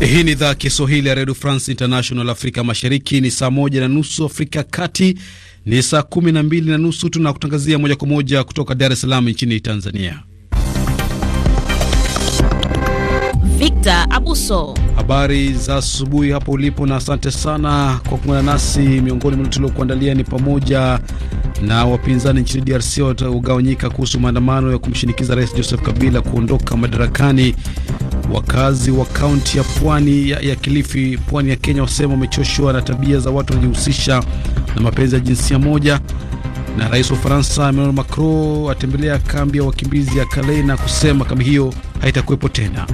Hii ni idhaa Kiswahili ya redio France International. Afrika mashariki ni saa moja na nusu, Afrika kati ni saa kumi na mbili na nusu. Tunakutangazia moja kwa moja kutoka Dar es Salaam nchini Tanzania. Victor Abuso, habari za asubuhi hapo ulipo, na asante sana kwa kuungana nasi. Miongoni mwa tuliokuandalia ni pamoja na wapinzani nchini DRC watagawanyika kuhusu maandamano ya kumshinikiza Rais Joseph Kabila kuondoka madarakani Wakazi wa kaunti ya pwani ya, ya Kilifi, pwani ya Kenya, wasema wamechoshwa na tabia za watu wanajihusisha na mapenzi ya jinsia moja. Na rais wa Ufaransa Emmanuel Macron atembelea kambi ya wakimbizi ya Calais na kusema kambi hiyo haitakuwepo tena.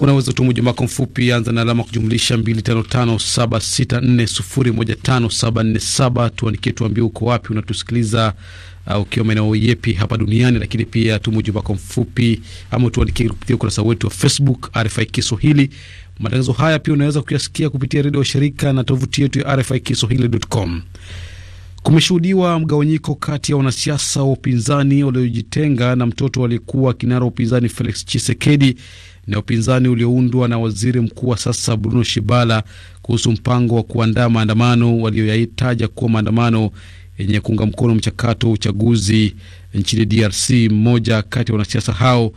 Unaweza tumu ujumbe wako mfupi, anza na alama kujumlisha 255764015747. Tuandikie, tuambie uko wapi unatusikiliza uh, ukiwa maeneo yepi hapa duniani, lakini pia tumu ujumbe wako mfupi ama tuandikie kupitia ukurasa wetu wa Facebook RFI Kiswahili. Matangazo haya pia unaweza kuyasikia kupitia redio shirika na tovuti yetu ya RFI Kiswahili.com. Kumeshuhudiwa mgawanyiko kati ya wanasiasa wa upinzani waliojitenga na mtoto aliyekuwa kinara wa upinzani Felix Chisekedi na upinzani ulioundwa na waziri mkuu wa sasa Bruno Shibala kuhusu mpango wa kuandaa maandamano walioyataja kuwa maandamano yenye kuunga mkono mchakato wa uchaguzi nchini DRC. Mmoja kati ya wanasiasa hao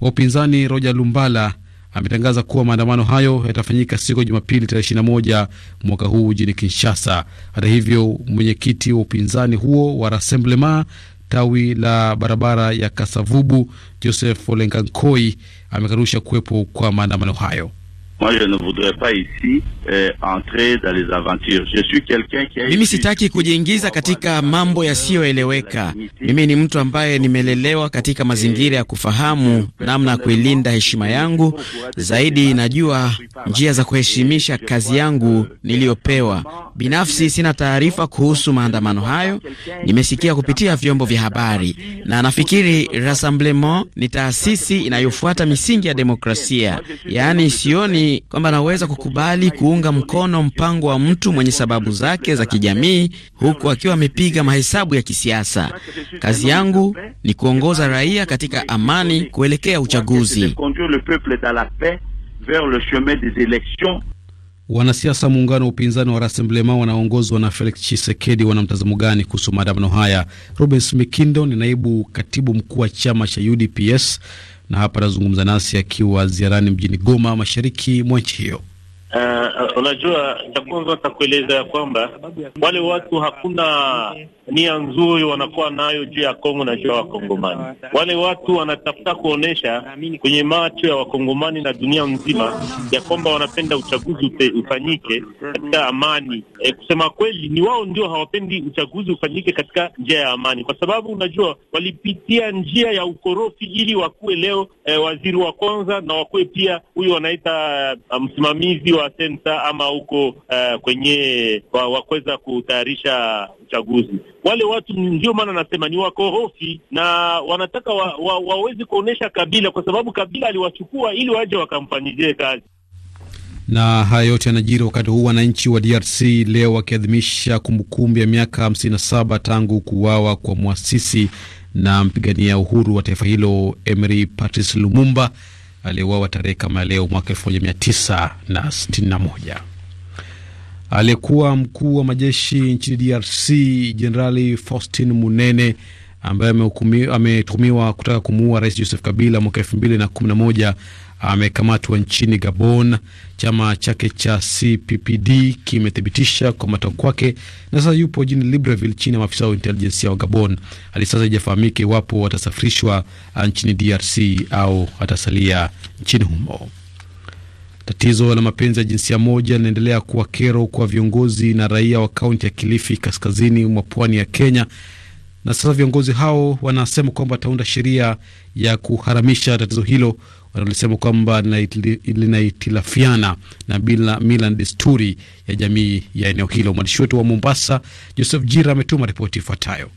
wa upinzani Roger Lumbala ametangaza kuwa maandamano hayo yatafanyika siku ya Jumapili tarehe 21 mwaka huu mjini Kinshasa. Hata hivyo, mwenyekiti wa upinzani huo wa Rassemblement tawi la barabara ya Kasavubu, Joseph Olengankoi amekarusha kuwepo kwa maandamano hayo. Moi, je ne voudrais pas ici eh, entrer dans les aventures. Je suis quelqu'un qui a Mimi sitaki kujiingiza katika mambo yasiyoeleweka. Mimi ni mtu ambaye nimelelewa katika eh, mazingira ya kufahamu eh, namna ya kuilinda heshima eh, yangu. Zaidi najua njia za kuheshimisha kazi yangu niliyopewa. Binafsi sina taarifa kuhusu maandamano hayo. Nimesikia kupitia vyombo vya habari na nafikiri Rassemblement ni taasisi inayofuata misingi ya demokrasia. Yaani sioni kwamba anaweza kukubali kuunga mkono mpango wa mtu mwenye sababu zake za kijamii, huku akiwa amepiga mahesabu ya kisiasa. Kazi yangu ni kuongoza raia katika amani kuelekea uchaguzi. Wanasiasa muungano wa upinzani wa Rassemblement wanaongozwa na Felix chisekedi wana mtazamo gani kuhusu maandamano haya? Robens Mikindo ni naibu katibu mkuu wa chama cha UDPS na hapa anazungumza nasi akiwa ziarani mjini Goma, mashariki mwa nchi hiyo. Uh, unajua cha kwanza nitakueleza ya kwamba wale watu hakuna nia nzuri wanakuwa nayo juu ya Kongo na juu ya Wakongomani. Wale watu wanatafuta kuonesha kwenye macho ya Wakongomani na dunia nzima ya kwamba wanapenda uchaguzi ufanyike katika amani. E, kusema kweli ni wao ndio hawapendi uchaguzi ufanyike katika njia ya amani, kwa sababu unajua walipitia njia ya ukorofi ili wakuwe leo e, waziri wa kwanza na wakuwe pia huyu wanaita uh, msimamizi wa wa sensa ama huko uh, eh, kwenye wa, wakuweza kutayarisha uchaguzi. Wale watu ndio maana anasema ni wako hofi na wanataka wa, wa, wawezi kuonyesha Kabila kwa sababu Kabila aliwachukua ili waje wakamfanyizie kazi na haya yote yanajiri wakati huu wananchi wa DRC leo wakiadhimisha kumbukumbu ya miaka 57 tangu kuuawa kwa mwasisi na mpigania uhuru wa taifa hilo Emery Patrice Lumumba aliyeuawa tarehe kama leo mwaka moja. Aliyekuwa mkuu wa majeshi nchini DRC Jenerali Faustin Munene ambaye ametumiwa kutaka kumuua Rais Joseph Kabila mwaka moja amekamatwa nchini Gabon. Chama chake cha CPPD kimethibitisha kukamatwa kwake na sasa yupo jini Libreville chini ya maafisa wa intelijensia wa Gabon. Hadi sasa haijafahamika iwapo watasafirishwa uh, nchini DRC au atasalia nchini humo. Tatizo la mapenzi ya jinsia moja linaendelea kuwa kero kwa viongozi na raia wa kaunti ya Kilifi kaskazini mwa pwani ya Kenya, na sasa viongozi hao wanasema kwamba wataunda sheria ya kuharamisha tatizo hilo walisema kwamba linahitilafiana na bila mila na desturi ya jamii ya eneo hilo. Mwandishi wetu wa Mombasa, Joseph Jira, ametuma ripoti ifuatayo.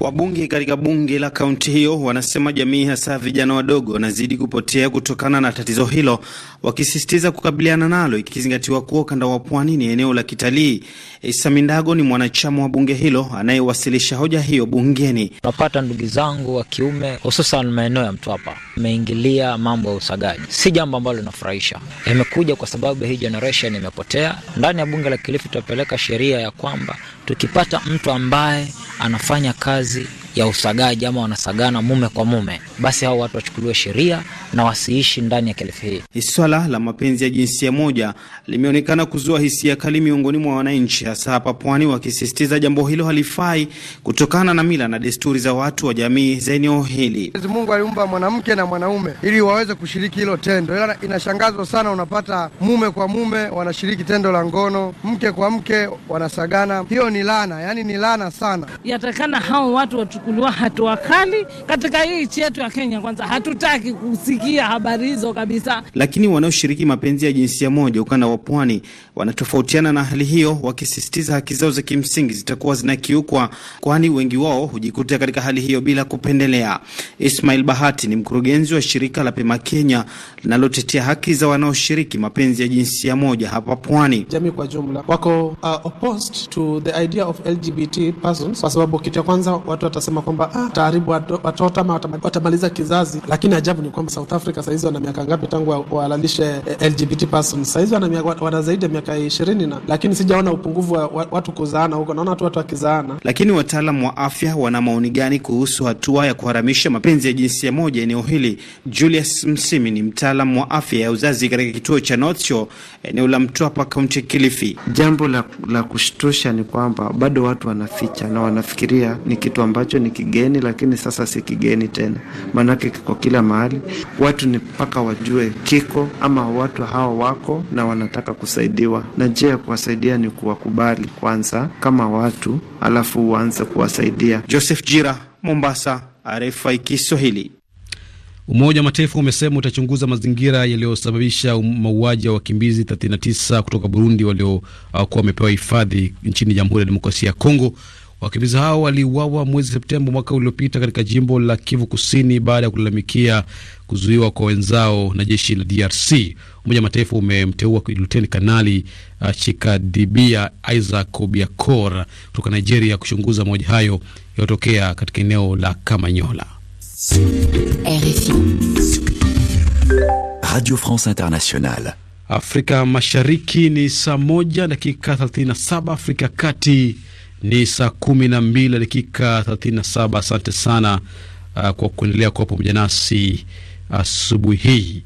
Wabunge katika bunge la kaunti hiyo wanasema jamii hasa vijana wadogo wanazidi kupotea kutokana na tatizo hilo, wakisisitiza kukabiliana nalo, ikizingatiwa kuwa ukanda wa pwani ni eneo la kitalii. Isa Mindago ni mwanachama wa bunge hilo anayewasilisha hoja hiyo bungeni. Unapata ndugu zangu wa kiume, hususan maeneo ya Mtwapa, ameingilia mambo ya usagaji. Si jambo ambalo linafurahisha, imekuja kwa sababu hii generation imepotea. Ndani ya bunge la Kilifi tutapeleka sheria ya kwamba tukipata mtu ambaye anafanya kazi fase ya usagaji ama wanasagana mume kwa mume, basi hao watu wachukuliwe sheria na wasiishi ndani ya kilifi hii. Swala la mapenzi ya jinsia moja limeonekana kuzua hisia kali miongoni mwa wananchi, hasa hapa Pwani, wakisisitiza jambo hilo halifai kutokana na mila na desturi za watu wa jamii za eneo hili. Mwenyezi Mungu aliumba mwanamke na mwanaume ili waweze kushiriki hilo tendo, ila inashangazwa sana unapata mume kwa mume wanashiriki tendo la ngono, mke kwa mke wanasagana. Hiyo ni lana yani ni lana sana. Yatakana hao watu watu kuchukuliwa hatua kali katika hii nchi yetu ya Kenya. Kwanza hatutaki kusikia habari hizo kabisa. Lakini wanaoshiriki mapenzi ya jinsia moja ukanda wa pwani wanatofautiana na hali hiyo, wakisisitiza haki zao za kimsingi zitakuwa zinakiukwa, kwani wengi wao hujikuta katika hali hiyo bila kupendelea. Ismail Bahati ni mkurugenzi wa shirika la Pema Kenya linalotetea haki za wanaoshiriki mapenzi ya jinsia moja hapa pwani. Jamii kwa jumla wako uh, opposed to the idea of LGBT persons kwa sababu kitu ya kwanza watu watasema wanasema kwamba ah, taaribu watoto ama watamaliza kizazi, lakini ajabu ni kwamba South Africa sahizi wana miaka ngapi tangu wahalalishe eh, LGBT persons? Sahizi wana, wana zaidi ya miaka ishirini na lakini sijaona upungufu wa watu kuzaana huko, naona tu watu wakizaana. Lakini wataalam wa afya wana maoni gani kuhusu hatua ya kuharamisha mapenzi ya jinsia moja eneo hili? Julius Msimi ni mtaalam wa afya ya uzazi katika kituo cha Notcho eneo la Mtwapa, kaunti Kilifi. Jambo la, la kushtusha ni kwamba bado watu wanaficha na wanafikiria ni kitu ambacho ni kigeni, lakini sasa si kigeni tena, maanake kiko kila mahali. Watu ni mpaka wajue kiko ama watu hao wako na wanataka kusaidiwa, na njia ya kuwasaidia ni kuwakubali kwanza kama watu, alafu uanze kuwasaidia. Joseph Jira, Mombasa, RFI Kiswahili. Umoja wa Mataifa umesema utachunguza mazingira yaliyosababisha um, mauaji ya wakimbizi 39 kutoka Burundi waliokuwa wamepewa hifadhi nchini Jamhuri ya Demokrasia ya Kongo Wakimbizi hao waliuawa mwezi Septemba mwaka uliopita katika jimbo la Kivu Kusini baada ya kulalamikia kuzuiwa kwa wenzao na jeshi la DRC. Umoja wa Mataifa umemteua luteni kanali uh, Chikadibia Isaac Obiakor kutoka Nigeria kuchunguza mauaji hayo yaliyotokea katika eneo la Kamanyola. RFI Radio France Internationale. Afrika Mashariki ni saa moja dakika 37, Afrika Kati ni saa kumi na mbili na dakika thelathini na saba. Asante sana uh, kwa kuendelea kuwa pamoja nasi asubuhi uh, hii.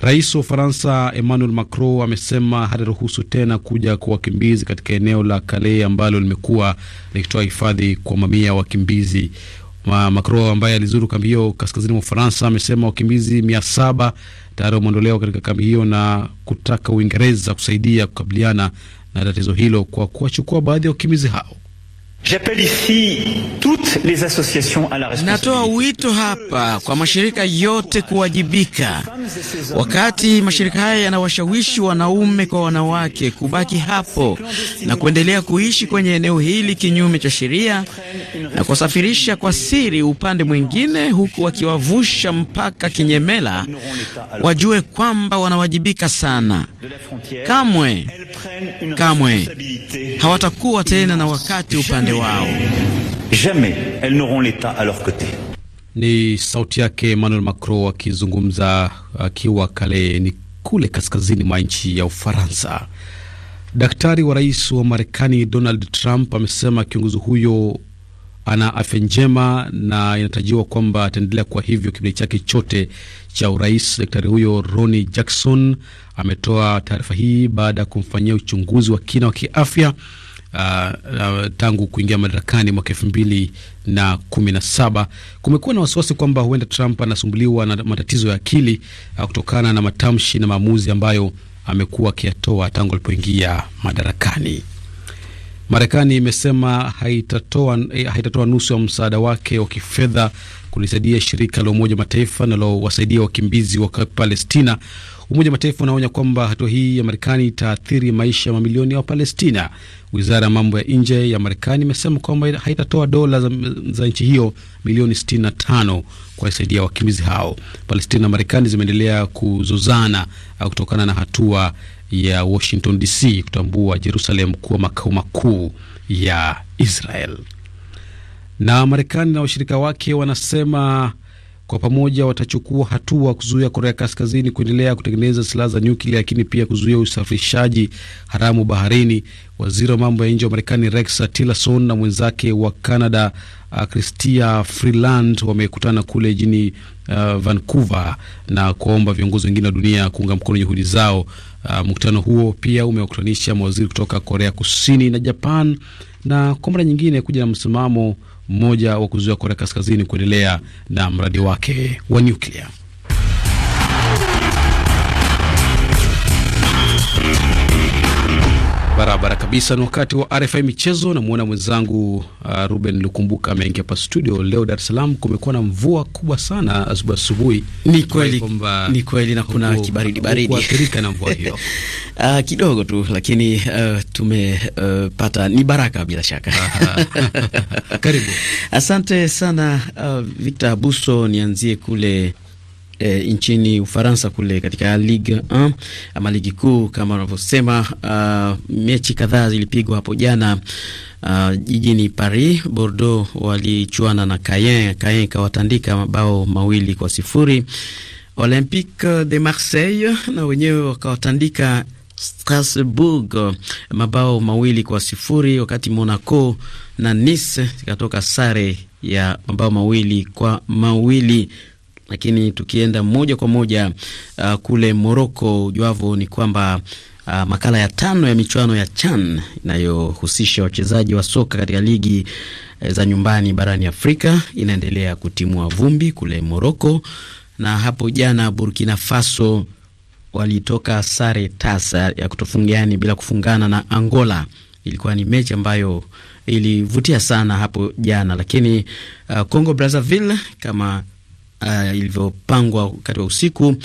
Rais wa Ufaransa Emmanuel Macron amesema hataruhusu tena kuja kwa wakimbizi katika eneo la Calais ambalo limekuwa likitoa hifadhi kwa mamia ya wakimbizi. Macron ambaye alizuru kambi hiyo kaskazini mwa Ufaransa amesema wakimbizi mia saba tayari wameondolewa katika kambi hiyo na kutaka Uingereza kusaidia kukabiliana na tatizo hilo kwa kuwachukua baadhi ya wakimbizi hao. Natoa wito hapa kwa mashirika yote kuwajibika. Wakati mashirika haya yanawashawishi wanaume kwa wanawake kubaki hapo na kuendelea kuishi kwenye eneo hili kinyume cha sheria na kuwasafirisha kwa siri upande mwingine, huku wakiwavusha mpaka kinyemela, wajue kwamba wanawajibika sana. Kamwe kamwe hawatakuwa tena na wakati upande wao. Jamais elles n'auront l'État à leur côté. Ni sauti yake Emmanuel Macron akizungumza akiwa kale ni kule kaskazini mwa nchi ya Ufaransa. Daktari wa rais wa Marekani Donald Trump amesema kiongozi huyo ana afya njema na inatarajiwa kwamba ataendelea kwa hivyo kipindi chake chote cha urais. Daktari huyo Ronnie Jackson ametoa taarifa hii baada ya kumfanyia uchunguzi wa kina wa kiafya Uh, uh, tangu kuingia madarakani mwaka elfu mbili na kumi na saba. Kumekuwa na wasiwasi kwamba huenda Trump anasumbuliwa na matatizo ya akili uh, kutokana na matamshi na maamuzi ambayo amekuwa akiyatoa tangu alipoingia madarakani. Marekani imesema haitatoa, eh, haitatoa nusu ya msaada wake wa kifedha kulisaidia shirika la Umoja Mataifa linalowasaidia wakimbizi wa Palestina. Umoja Mataifa unaonya kwamba hatua hii ya Marekani itaathiri maisha ya mamilioni ya Wapalestina. Wizara ya mambo ya nje ya Marekani imesema kwamba haitatoa dola za, za nchi hiyo milioni 65 kuwasaidia wakimbizi hao. Palestina na Marekani zimeendelea kuzozana eh, kutokana na hatua ya Washington DC kutambua Jerusalem kuwa makao makuu ya Israel. Na Marekani na washirika wake wanasema kwa pamoja watachukua hatua kuzuia Korea Kaskazini kuendelea kutengeneza silaha za nyuklia, lakini pia kuzuia usafirishaji haramu baharini. Waziri wa mambo ya nje wa Marekani Rex Tillerson na mwenzake wa Canada uh, Chrystia Freeland wamekutana kule jini uh, Vancouver na kuwaomba viongozi wengine wa dunia kuunga mkono juhudi zao. Uh, mkutano huo pia umewakutanisha mawaziri kutoka Korea Kusini na Japan na kwa mara nyingine kuja na msimamo mmoja wa kuzuia Korea Kaskazini kuendelea na mradi wake wa nyuklia. Barabara kabisa. Ni wakati wa RFI Michezo. Namwona mwenzangu uh, Ruben Lukumbuka ameingia hapa studio leo. Dar es Salaam kumekuwa na mvua kubwa sana asubuhi asubuhi. Ni kweli, ni kweli, na kuna kibaridi baridi kuathirika na mvua hiyo uh, kidogo tu, lakini uh, tumepata uh, ni baraka bila shaka karibu. Asante sana uh, Victor Abuso, nianzie kule e, nchini Ufaransa kule katika Ligue 1 ama ligi kuu kama wanavyosema. Uh, ah, mechi kadhaa zilipigwa hapo jana uh, jijini Paris. Bordeaux walichuana na Caen, Caen ikawatandika mabao mawili kwa sifuri. Olympique de Marseille na wenyewe wakawatandika Strasbourg mabao mawili kwa sifuri, wakati Monaco na Nice zikatoka sare ya mabao mawili kwa mawili. Lakini tukienda moja kwa moja uh, kule Moroko, ujuavyo ni kwamba Uh, makala ya tano ya michuano ya CHAN inayohusisha wachezaji wa soka katika ligi eh, za nyumbani barani Afrika inaendelea kutimua vumbi kule Moroko, na hapo jana Burkina Faso walitoka sare tasa ya kutofungiani bila kufungana na Angola. Ilikuwa ni mechi ambayo ilivutia sana hapo jana, lakini uh, Congo Brazzaville kama uh, ilivyopangwa wakati wa usiku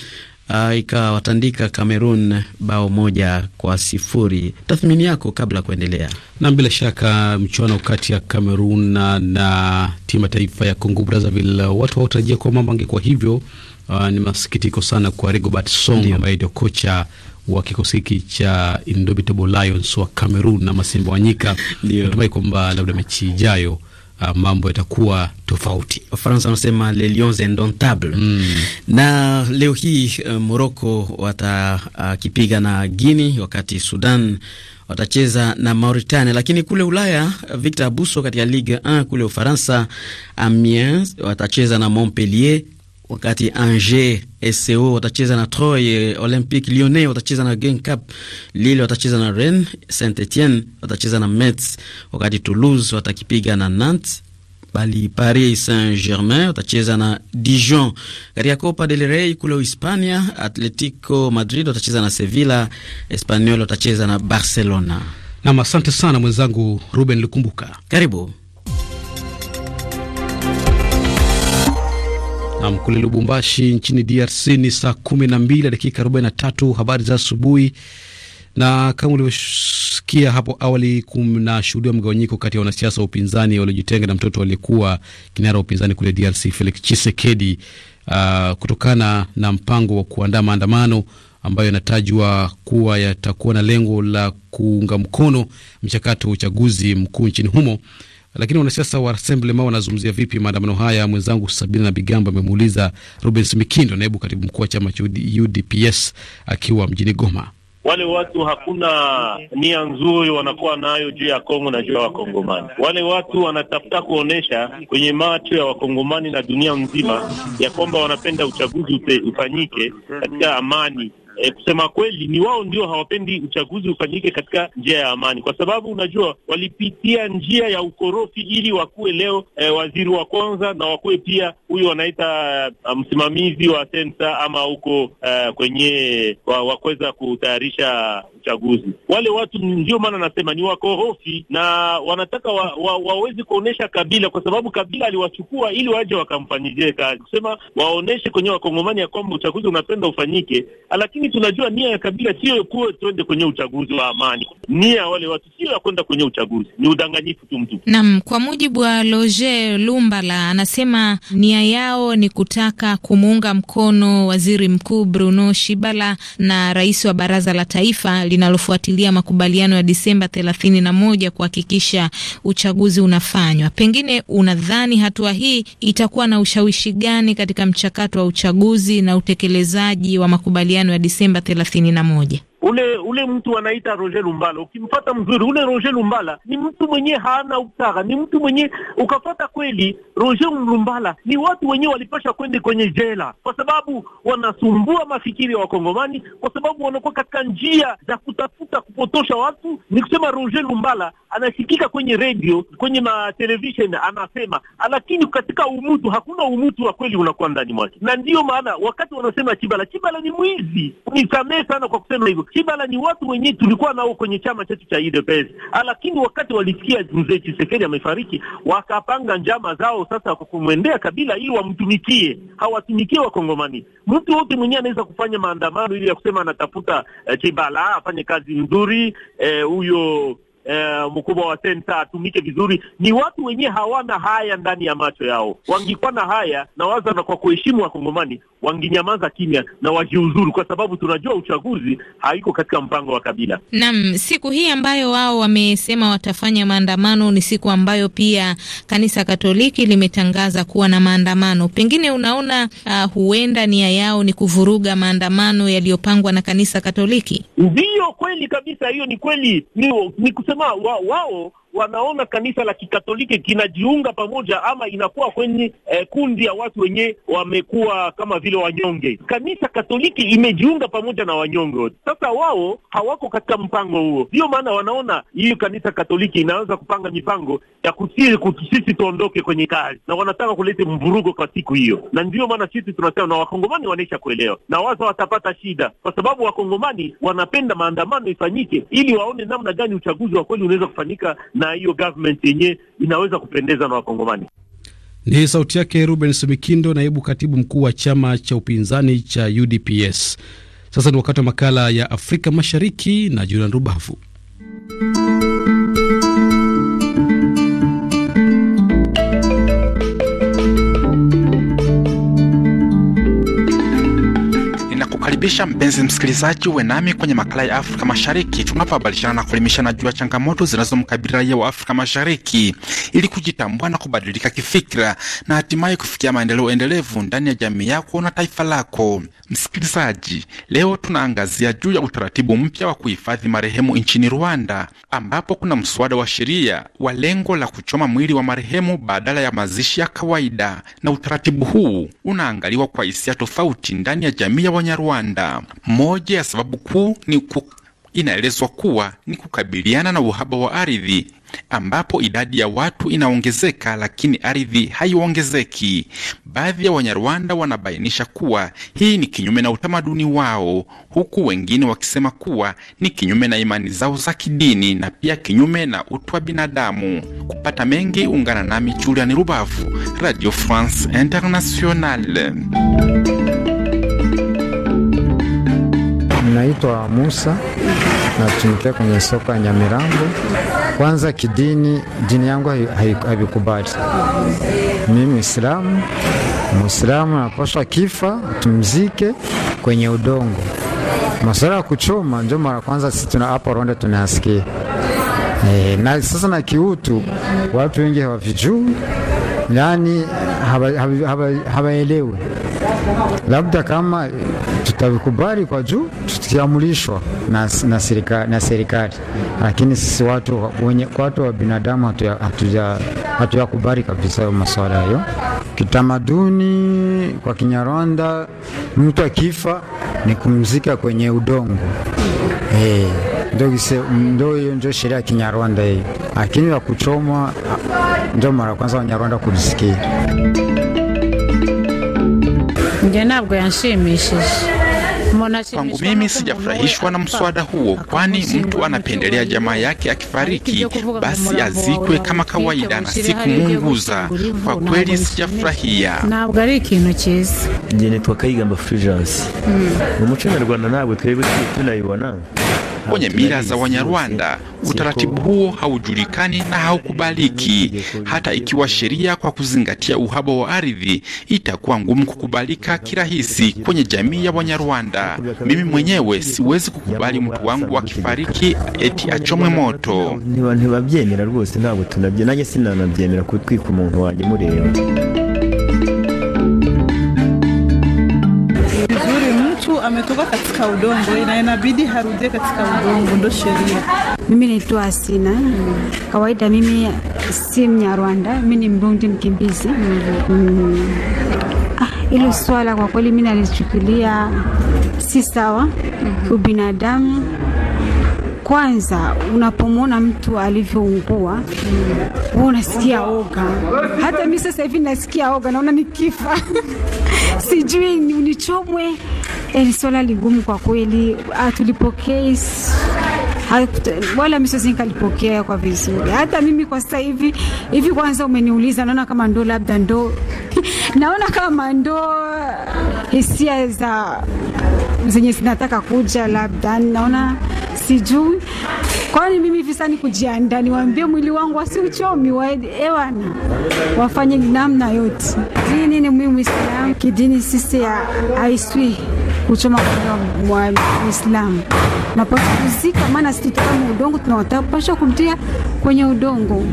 uh, ikawatandika Cameroon bao moja kwa sifuri. Tathmini yako kabla ya kuendelea? nam bila shaka mchuano kati ya Cameroon na, na timu ya taifa ya Congo Brazzaville watu hawatarajia kuwa mambo angekuwa hivyo. Uh, ni masikitiko sana kwa Rigobert Song ambaye ndio kocha wa kikosi hiki cha Indomitable Lions wa Cameroon na Masimba Wanyika. Natumai kwamba labda mechi ijayo uh, mambo yatakuwa tofauti. Wafaransa wanasema les lions indomptables mm. Na leo hii uh, Morocco watakipiga ah, uh, na Guinea, wakati Sudan watacheza na Mauritania. Lakini kule Ulaya, Victor Abuso, katika Ligue 1 kule Ufaransa, Amiens watacheza na Montpellier wakati Angers SCO watacheza na Troy, Olympique Lyonnais watacheza na Genk, Lille watacheza na Rennes, Saint Etienne watacheza na Metz, wakati Toulouse watakipiga na Nantes, bali Paris Saint Germain watacheza na Dijon. Katika Copa del Rey kule Hispania, Atletico Madrid watacheza na Sevilla, Espanyol watacheza na Barcelona. Nam, asante sana mwenzangu Ruben Lukumbuka, karibu. Nam kule Lubumbashi nchini DRC ni saa kumi na mbili dakika arobaini na tatu. Habari za asubuhi. Na kama ulivyosikia hapo awali, kunashuhudiwa mgawanyiko kati ya wanasiasa wa upinzani waliojitenga na mtoto aliyekuwa kinara wa upinzani kule DRC Felix Chisekedi, uh, ah, kutokana na mpango wa kuandaa maandamano ambayo yanatajwa kuwa yatakuwa na lengo la kuunga mkono mchakato wa uchaguzi mkuu nchini humo. Lakini wanasiasa wa asemblema wanazungumzia vipi maandamano haya? Mwenzangu Sabina Bigambo amemuuliza Rubens Mikindo, naibu katibu mkuu wa chama cha UDPS akiwa mjini Goma. Wale watu hakuna nia nzuri wanakuwa nayo juu ya Kongo na juu ya Wakongomani. Wale watu wanatafuta kuonyesha kwenye macho ya Wakongomani na dunia nzima ya kwamba wanapenda uchaguzi ufanyike katika amani e, kusema kweli ni wao ndio hawapendi uchaguzi ufanyike katika njia ya amani, kwa sababu unajua walipitia njia ya ukorofi ili wakuwe leo e, waziri wa kwanza na wakuwe pia huyu wanaita eh, msimamizi wa sensa ama huko uh, kwenye wakuweza kutayarisha uchaguzi. Wale watu ndio maana nasema ni wakorofi na wanataka wa, wa, wawezi kuonyesha Kabila kwa sababu Kabila aliwachukua ili waje wakamfanyizie kazi, kusema waoneshe kwenye wakongomani ya kwamba uchaguzi unapenda ufanyike, lakini tunajua nia ya Kabila sio kuwa tuende kwenye uchaguzi wa amani. Nia wale watu sio ya kwenda kwenye uchaguzi, ni udanganyifu tu mtu. Naam, kwa mujibu wa Loje Lumbala anasema nia yao ni kutaka kumuunga mkono waziri mkuu Bruno Shibala na rais wa baraza la taifa linalofuatilia makubaliano ya Disemba thelathini na moja kuhakikisha uchaguzi unafanywa. Pengine unadhani hatua hii itakuwa na ushawishi gani katika mchakato wa uchaguzi na utekelezaji wa makubaliano ya Disemba Disemba 31 ule ule mtu anaita Roger Lumbala, ukimfata mzuri ule Roger Lumbala ni mtu mwenye hana utara, ni mtu mwenye ukafata kweli, Roger Lumbala ni watu wenyewe walipasha kwende kwenye jela, kwa sababu wanasumbua mafikiri ya wa Wakongomani, kwa sababu wanakuwa katika njia za kutafuta kupotosha watu. Ni kusema Roger Lumbala anasikika kwenye radio, kwenye ma television anasema, lakini katika umutu hakuna umutu wa kweli unakuwa ndani mwake, na ndiyo maana wakati wanasema Chibala, Chibala ni mwizi. Nisamehe sana kwa kusema hivyo Chibala ni watu wenyewe tulikuwa nao kwenye chama chetu cha UDPS, ah, lakini wakati walisikia mzee Chisekedi amefariki, wakapanga njama zao sasa kumwendea Kabila ili wamtumikie, hawatumikie Wakongomani. Mtu wote mwenyewe anaweza kufanya maandamano ili ya kusema anatafuta eh, afanye kazi nzuri eh, huyo eh, eh, mkubwa wa senta atumike vizuri. Ni watu wenyewe hawana haya ndani ya macho yao. Wangikuwa na haya na waza, na kwa kuheshimu Wakongomani wanginyamaza kimya na wajiuzuru, kwa sababu tunajua uchaguzi haiko katika mpango wa Kabila. Naam, siku hii ambayo wao wamesema watafanya maandamano ni siku ambayo pia kanisa Katoliki limetangaza kuwa na maandamano. Pengine unaona, uh, huenda nia yao ni kuvuruga maandamano yaliyopangwa na kanisa Katoliki. Ndiyo kweli kabisa, hiyo ni kweli, ni, ni kus 他么我我我 wanaona kanisa la Kikatoliki kinajiunga pamoja ama inakuwa kwenye eh, kundi ya watu wenye wamekuwa kama vile wanyonge. Kanisa Katoliki imejiunga pamoja na wanyonge. Sasa wao hawako katika mpango huo, ndiyo maana wanaona hiyo kanisa Katoliki inaweza kupanga mipango ya kusiri sisi tuondoke kwenye kazi, na wanataka kuleta mvurugo kwa siku hiyo, na ndiyo maana sisi tunasema na wakongomani wanaisha kuelewa na waza watapata shida, kwa sababu wakongomani wanapenda maandamano ifanyike ili waone namna gani uchaguzi wa kweli unaweza kufanyika na hiyo government yenyewe inaweza kupendeza na Wakongomani. Ni sauti yake Ruben Sumikindo, naibu katibu mkuu wa chama cha upinzani cha UDPS. Sasa ni wakati wa makala ya Afrika Mashariki na Julian Rubavu. kukaribisha mpenzi msikilizaji, uwe nami kwenye makala ya Afrika Mashariki tunapobadilishana na kuelimishana juu ya changamoto zinazomkabili raia wa Afrika Mashariki ili kujitambua na kubadilika kifikira na hatimaye kufikia maendeleo endelevu ndani ya jamii yako na taifa lako. Msikilizaji, leo tunaangazia juu ya utaratibu mpya wa kuhifadhi marehemu nchini Rwanda, ambapo kuna mswada wa sheria wa lengo la kuchoma mwili wa marehemu badala ya mazishi ya kawaida, na utaratibu huu unaangaliwa kwa hisia tofauti ndani ya jamii ya Wanyarwanda. Uganda. Moja ya sababu kuu ni ku, inaelezwa kuwa ni kukabiliana na uhaba wa ardhi ambapo idadi ya watu inaongezeka lakini ardhi haiongezeki. Baadhi ya Wanyarwanda wanabainisha kuwa hii ni kinyume na utamaduni wao, huku wengine wakisema kuwa ni kinyume na imani zao za kidini na pia kinyume na utu wa binadamu. Kupata mengi, ungana nami Julian Rubavu, Radio France Internationale. Naitwa Musa, natumikia kwenye soko ya Nyamirambo. Kwanza kidini, dini yangu haikubali mimi Islamu. Muislamu anapaswa kifa tumzike kwenye udongo. Masuala ya kuchoma ndio mara kwanza sisi tuna hapa Rwanda tunasikia e, eh, na sasa na kiutu, watu wengi hawavijui yani hawaelewi, haba, haba, labda kama tutavikubali kwa juu tukiamrishwa na, na, serika, na serikali, lakini sisi watu wenye, watu wa binadamu hatujakubali kabisa hayo masuala hayo. Kitamaduni kwa Kinyarwanda, mtu akifa ni kumzika kwenye udongo hey. Eh, Ndo hiyo ndio sheria ya Kinyarwanda hiyo, lakini ya kuchomwa ndio mara kwanza Wanyarwanda kulisikia njye ntabwo yanshimishije Kwangu mimi sijafurahishwa na mswada huo, kwani mtu anapendelea jamaa yake akifariki basi azikwe kama kawaida na si kumunguza. Kwa kweli sijafurahia, ntabwo ari ikintu cyiza. Njye nitwa hmm. nyarwanda ntabwo twebwe tunayibona kwenye mila za Wanyarwanda. Utaratibu huo haujulikani na haukubaliki, hata ikiwa sheria kwa kuzingatia uhaba wa ardhi itakuwa ngumu kukubalika kirahisi kwenye jamii ya Wanyarwanda. Mimi mwenyewe siwezi kukubali mtu wangu akifariki eti achomwe moto. ntibabyemera rwose ntabwo tunabye nanjye sinanabyemera kutwika umuntu wanjye mureba ametoka katika udongo na inabidi harudie katika udongo, ndo sheria. Mimi naitwa Asina. mm. Kawaida mimi si Mnyarwanda, mi ni Mrundi mkimbizi. mm. mm. swala kwa kweli mi nalichukilia si sawa. mm -hmm. Ubinadamu kwanza unapomwona mtu alivyoungua wewe unasikia oga. Hata mimi sasa hivi nasikia oga, naona nikifa sijui unichomwe ni swala ligumu kwa kweli, hatulipokei wala misosi nikalipokea kwa vizuri. Hata mimi kwa sasa hivi hivi, kwanza umeniuliza, naona kama ndo labda ndo naona kama ndo hisia za zenye zinataka kuja, labda naona sijui kwani mimi hivi sasa nikujiandaa, niwaambie mwili wangu wasiuchomi, waewana eh, wafanye namna yote. Dini ni muhimu sana, kidini sisi haiswi kuchoma kwa wa Uislamu na pasi kuzika, maana sisi kama udongo tunawataka pasha kumtia kwenye udongo.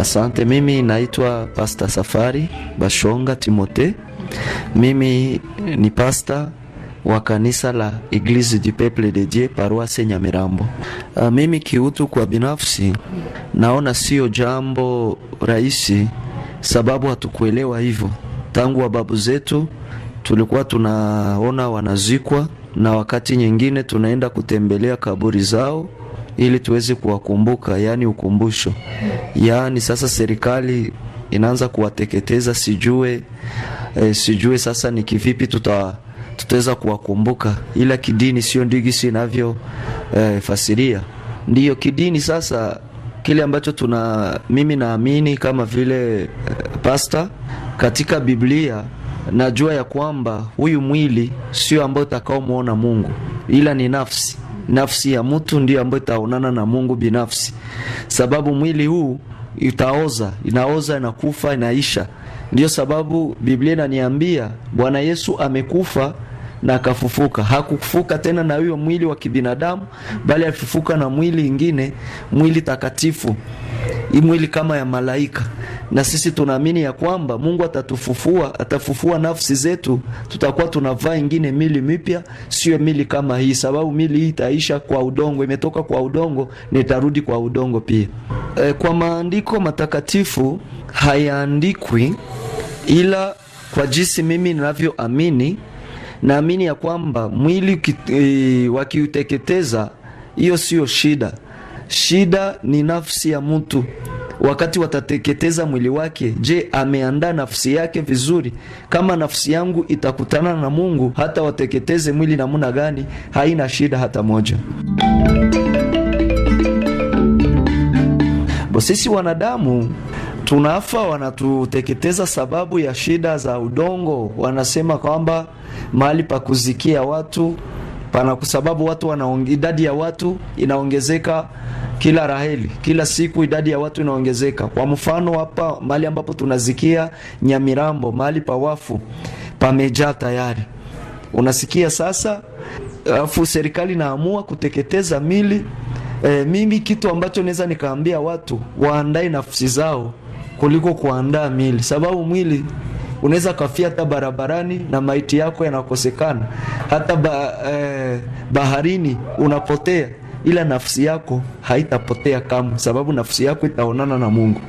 Asante, mimi naitwa Pasta Safari Bashonga Timote. Mimi ni pasta wa kanisa la Eglise du Peuple de Dieu paroisse Nyamirambo. Uh, mimi kiutu kwa binafsi naona sio jambo rahisi, sababu hatukuelewa hivyo Tangu wa babu zetu tulikuwa tunaona wanazikwa, na wakati nyingine tunaenda kutembelea kaburi zao ili tuweze kuwakumbuka, yaani ukumbusho. Yaani sasa serikali inaanza kuwateketeza, sijue e, sijue sasa ni kivipi tuta tutaweza kuwakumbuka, ila kidini sio ndigisi inavyo e, fasiria ndiyo kidini sasa kile ambacho tuna mimi naamini kama vile e, eh, pasta katika Biblia najua ya kwamba huyu mwili sio ambayo utakaomwona Mungu, ila ni nafsi. Nafsi ya mtu ndiyo ambayo itaonana na Mungu binafsi, sababu mwili huu itaoza, inaoza, inakufa, inaisha. Ndiyo sababu Biblia inaniambia Bwana Yesu amekufa na akafufuka. Hakufufuka tena na huyo mwili wa kibinadamu, bali alifufuka na mwili ingine, mwili takatifu, mwili kama ya malaika na sisi tunaamini ya kwamba Mungu atatufufua, atafufua nafsi zetu, tutakuwa tunavaa ingine mili mipya, sio mili kama hii, sababu mili hii itaisha kwa udongo, imetoka kwa udongo na itarudi kwa udongo pia. E, kwa maandiko matakatifu hayaandikwi, ila kwa jinsi mimi ninavyoamini, naamini ya kwamba mwili e, wakiuteketeza, hiyo sio shida. Shida ni nafsi ya mtu wakati watateketeza mwili wake. Je, ameandaa nafsi yake vizuri? Kama nafsi yangu itakutana na Mungu, hata wateketeze mwili namuna gani, haina shida hata moja. Sisi wanadamu tunafa, wanatuteketeza sababu ya shida za udongo. Wanasema kwamba mahali pa kuzikia watu pana, kwa sababu watu wana idadi ya watu inaongezeka kila raheli, kila siku idadi ya watu inaongezeka. Kwa mfano hapa mahali ambapo tunazikia Nyamirambo, mahali pa wafu pamejaa tayari, unasikia sasa. Alafu serikali inaamua kuteketeza mili e, eh, mimi kitu ambacho naweza nikaambia watu waandae nafsi zao kuliko kuandaa mili, sababu mwili unaweza kafia hata barabarani na maiti yako yanakosekana, hata ba, eh, baharini unapotea, ila nafsi yako haitapotea kamwe, sababu nafsi yako itaonana na Mungu.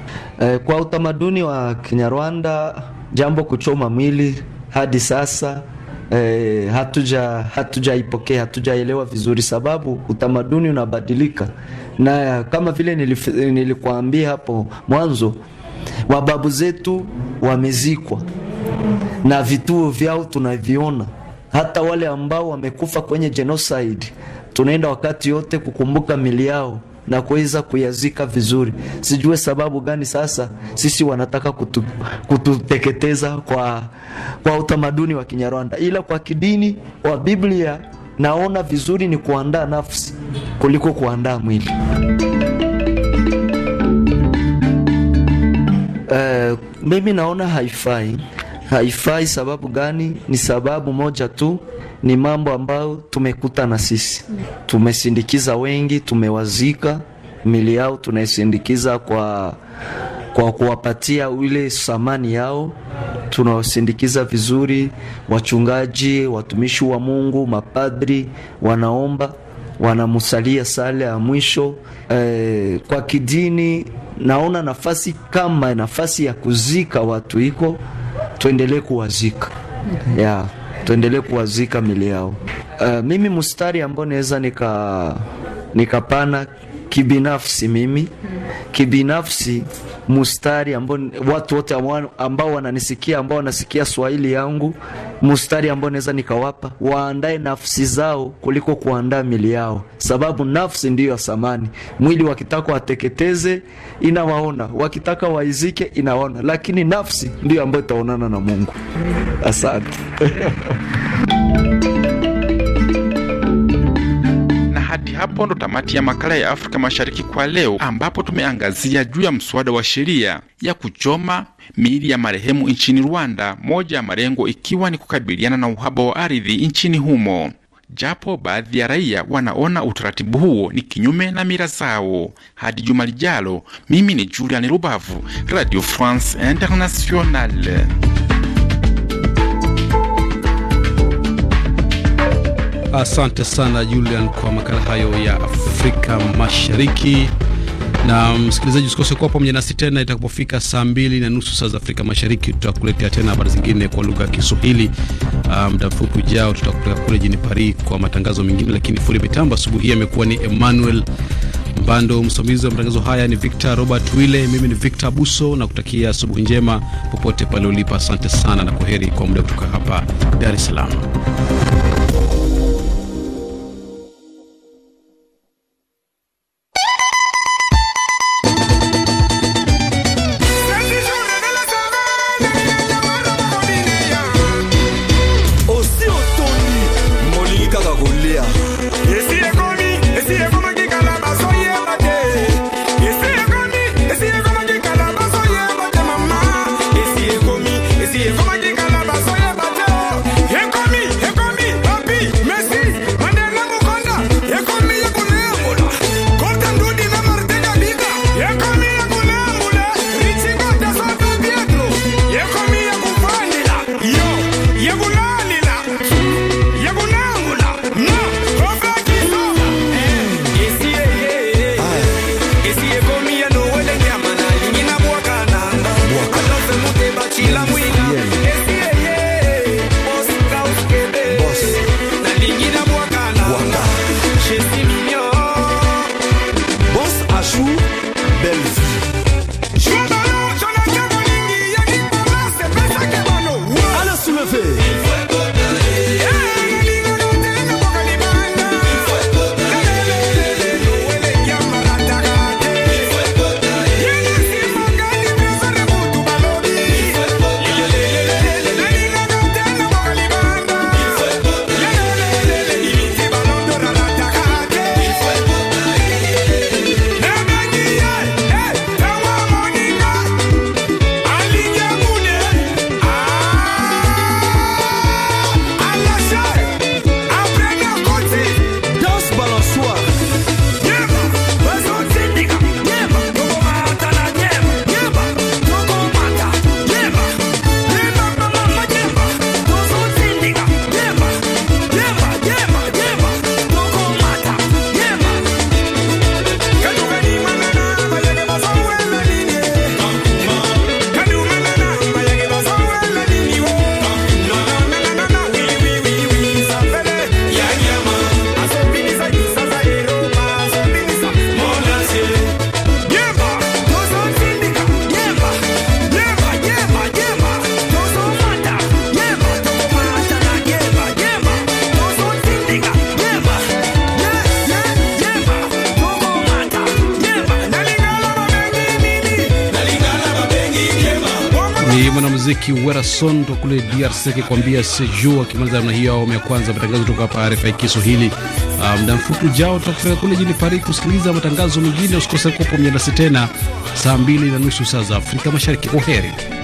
Eh, kwa utamaduni wa Kinyarwanda, jambo kuchoma mwili hadi sasa Eh, hatuja hatujaipokea hatujaelewa vizuri, sababu utamaduni unabadilika, na kama vile nilif, nilikuambia hapo mwanzo, wababu zetu wamezikwa na vituo vyao tunaviona. Hata wale ambao wamekufa kwenye genocide tunaenda wakati yote kukumbuka mili yao na kuweza kuyazika vizuri. Sijue sababu gani sasa sisi wanataka kutu, kututeketeza kwa, kwa utamaduni wa Kinyarwanda, ila kwa kidini wa Biblia naona vizuri ni kuandaa nafsi kuliko kuandaa mwili. Uh, mimi naona haifai haifai. Sababu gani? Ni sababu moja tu, ni mambo ambayo tumekuta na sisi, tumesindikiza wengi, tumewazika mili yao, tunaisindikiza kwa kwa kuwapatia ile samani yao, tunawasindikiza vizuri, wachungaji, watumishi wa Mungu, mapadri wanaomba, wanamusalia sala ya mwisho e, kwa kidini. Naona nafasi kama nafasi ya kuzika watu iko tuendelee kuwazika ya yeah, tuendelee kuwazika mili yao. Uh, mimi mustari ambao naweza nika nikapana kibinafsi, mimi kibinafsi mustari ambao watu wote ambao wananisikia ambao wanasikia Swahili yangu, mustari ambao naweza nikawapa, waandae nafsi zao kuliko kuandaa mili yao, sababu nafsi ndiyo ya samani. Mwili wakitaka wateketeze, inawaona, wakitaka waizike, inawaona, lakini nafsi ndiyo ambayo itaonana na Mungu. Asante. hapo ndo tamati ya makala ya Afrika Mashariki kwa leo, ambapo tumeangazia juu ya mswada wa sheria ya kuchoma miili ya marehemu nchini Rwanda, moja ya malengo ikiwa ni kukabiliana na uhaba wa ardhi nchini humo, japo baadhi ya raia wanaona utaratibu huo ni kinyume na mila zao. Hadi juma lijalo, mimi ni Julian Rubavu, Radio France Internationale. Asante sana Julian kwa makala hayo ya Afrika Mashariki. Na msikilizaji, usikose kuwa pamoja nasi tena itakapofika saa mbili na nusu saa za Afrika Mashariki. Tutakuletea tena habari zingine kwa lugha ya Kiswahili. Ah, muda um, mfupi ujao tutakupeleka kule jini Paris kwa matangazo mengine, lakini fundi mitambo asubuhi hii amekuwa ni Emmanuel Mbando, msimamizi wa matangazo haya ni Victor Robert Wile, mimi ni Victor Buso na kutakia asubuhi njema popote pale ulipo. Asante sana na kwaheri kwa muda kutoka hapa Dar es Salaam. Kiwera Sondo kule DRC akikwambia sejuu, akimaliza namna hiyo awamu ya kwanza matangazo kutoka hapa RFI Kiswahili. Ah, muda um, mfupi ujao tutakupeleka kule jini Paris kusikiliza matangazo mengine. Usikose kuwa pamoja nasi tena saa mbili na nusu saa za Afrika Mashariki. Kwa heri.